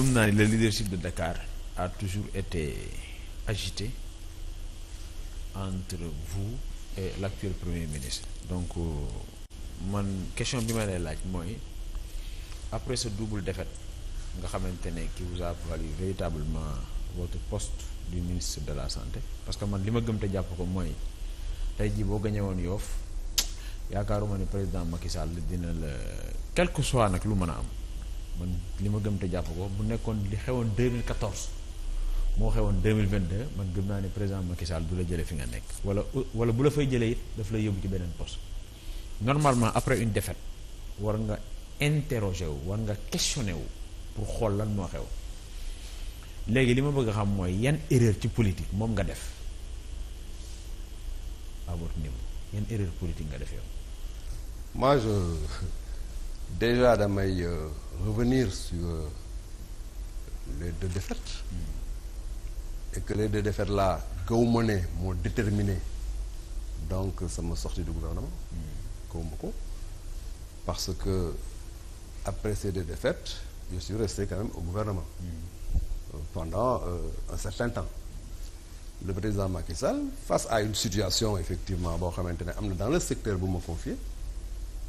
gëm naa ni le leadership de Dakar a toujours été agité entre vous et l'actuel premier ministre donc euh, man question bi ma lay laaj mooy après sa double defet nga xamante ne qui vous a valu véritablement votre poste du ministre de la santé parce que man li ma gëm te jàpp ko mooy tey ji boo gañe woon Yoff yaakaaruma ne président Macky dina la quelque que soit nag lu mën a am man li ma gëm te jàpp ko bu nekkoon li xewoon deux 2014 moo xewoon 2022 man gëm naa ne président Macky Sall du la jëlee fi nga nekk wala wala bu la fay jëlee it daf lay yóbbu ci beneen poste normalement après une défaite war nga interroger wu war nga questionner wu pour xool lan moo xew léegi li ma bëgg a xam mooy yan erreur ci politique moom nga def à votre niveau yan erreur politique nga def yow. déjà damay euh, revenir sur euh, les deux défaites mm. et que les deux défaites là gaw ma ne moo déterminé donc euh, sama sortie du gouvernement mm. gaw ma ko parce que après ces deux défaites je suis resté quand même au gouvernement mm. Euh, pendant euh, un certain temps le président Macky Sall face à une situation effectivement boo xamante ne am na dans le secteur bu ma confié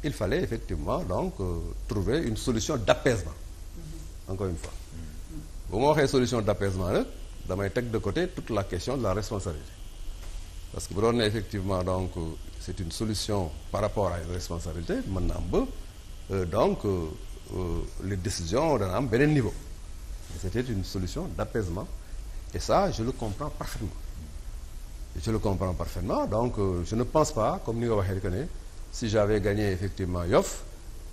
il fallait effectivement donc euh, trouver une solution d'apaisement mm-hmm. encore une fois bu ma waxee solution d'apaisement rek damay teg de côté toute la question de la responsabilité parce que bu doon effectivement donc euh, c'est une solution par rapport à une responsabilité mën na am ba euh, donc euh, les décisions dana am beneen niveau c'était une solution d'apaisement et ça je le comprends parfaitement je le comprends parfaitement donc je ne pense pas comme ni nga waxee que si j'avais gagné effectivement Yoff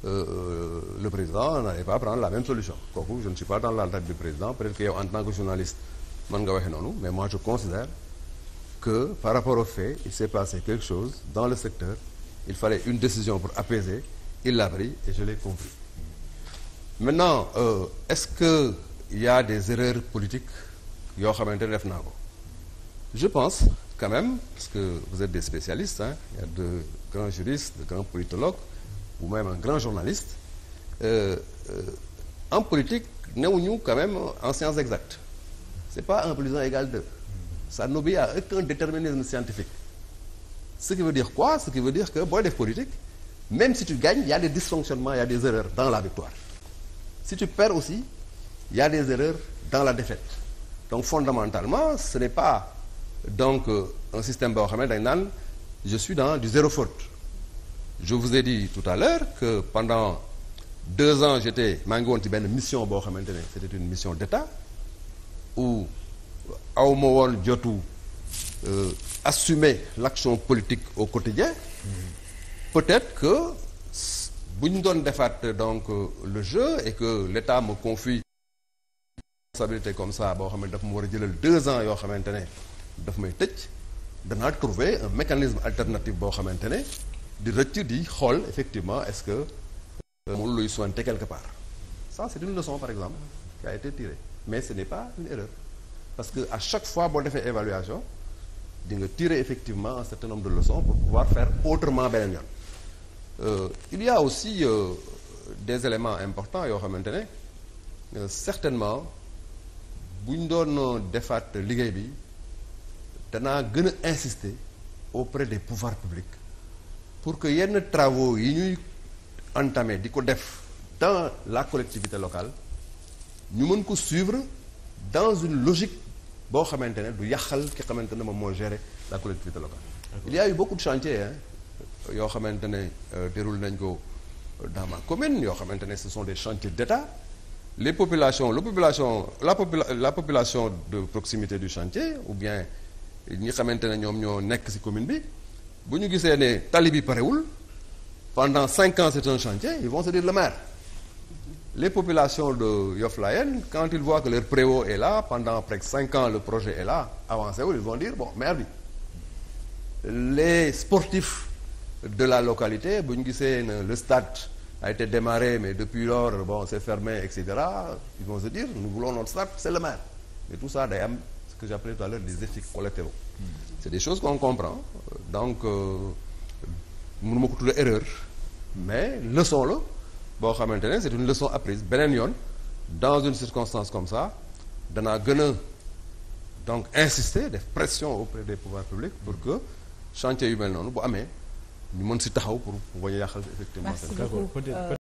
euh, euh, le président n'allait pas prendre la même solution kooku je ne suis pas dans la tête du président peut-être que yow en tant que journaliste mën nga waxee noonu mais moi je considère que par rapport au fait il s'est passé quelque chose dans le secteur il fallait une décision pour apaiser il l'a pris et je l'ai compris maintenant euh, est-ce que il y a des erreurs politiques yoo xamante ne def naa ko je pense quand même, parce que vous êtes des spécialistes, hein, il y a de grands juristes, de grands politologues, ou même un grand journaliste. Euh, euh, en politique, nous, quand même, en sciences exactes. Ce n'est pas 1 plus 1 égale 2. Ça n'obéit à aucun déterminisme scientifique. Ce qui veut dire quoi Ce qui veut dire que, bon, des politiques, même si tu gagnes, il y a des dysfonctionnements, il y a des erreurs dans la victoire. Si tu perds aussi, il y a des erreurs dans la défaite. Donc fondamentalement, ce n'est pas donc euh, un système boo xam ne dañ naan je suis dans du zéro faute je vous ai dit tout à l'heure que pendant deux ans j'étais maa ngi woon ci benn mission boo xamante ne c'était une mission d'État où aw ma woon jotu euh, assumer l'action politique au quotidien mm-hmm. peut-être que bu ñu doon defaat donc euh, le jeu et que l'État me confie responsabilité comme ça boo xam ne daf ma war a jëlal deux ans yoo xamante ne daf may tëj danaa trouver un mécanisme alternatif boo xamante ne di rëcc di xool effectivement est-ce que euh, amul luy sointé quelque part ça c'est une leçon par exemple qui été tirée mais ce n'est pas une erreur parce que à chaque fois boo defee évaluation di nga tirer effectivement un certain nombre de leçons pour pouvoir faire autrement beneen yoon Euh, il y aussi euh, des éléments importants yoo xamante ne euh, certainement buñ ñu doon defaat liggéey bi danaa gën a insisté au auprès des pouvoirs publics pour que yenn travaux yi ñuy entamé di ko def dans la collectivité locale ñu mën ko suivre dans une logique boo xamante ne du yàqal ki xamante ne moom moo gérer la collectivité locale il y a eu yoo xamante ne euh, déroule nañ ko dans ma commune yoo xamante ne ce son des chantiers d'État les population la population la popula la population de proximité du chantier ou bien ñi xamante ne ñoom ñoo nekk ci commune bi bu ñu gisee ne tali bi parewul pendant cinq ans c'est un chantier ils vont se dire le maire les population de Yoff Layène quand ils voient que leur préau est là pendant presque cinq ans le projet est la avancé wul ils vont dire bon maire bi les sportifs de la localité bu ñu gisee ne le stade a été démarré mais depuis lors bon c'est fermé et cetera ils vont se dire nous voulons notre stade c'est le maire tout ça day am que j'appelais tout à l'heure des effets hmm. c'est des choses qu'on comprend donc euh, mënu ma ko tudde erreur mais leçon la boo xamante ne c'est une leçon apprise beneen yoon dans une circonstance comme ça danaa gën a donc insister def pression auprès des pouvoirs publics pour que chantier yu mel noonu bu amee ñu mën si taxaw pour bañ a yàqal effectivement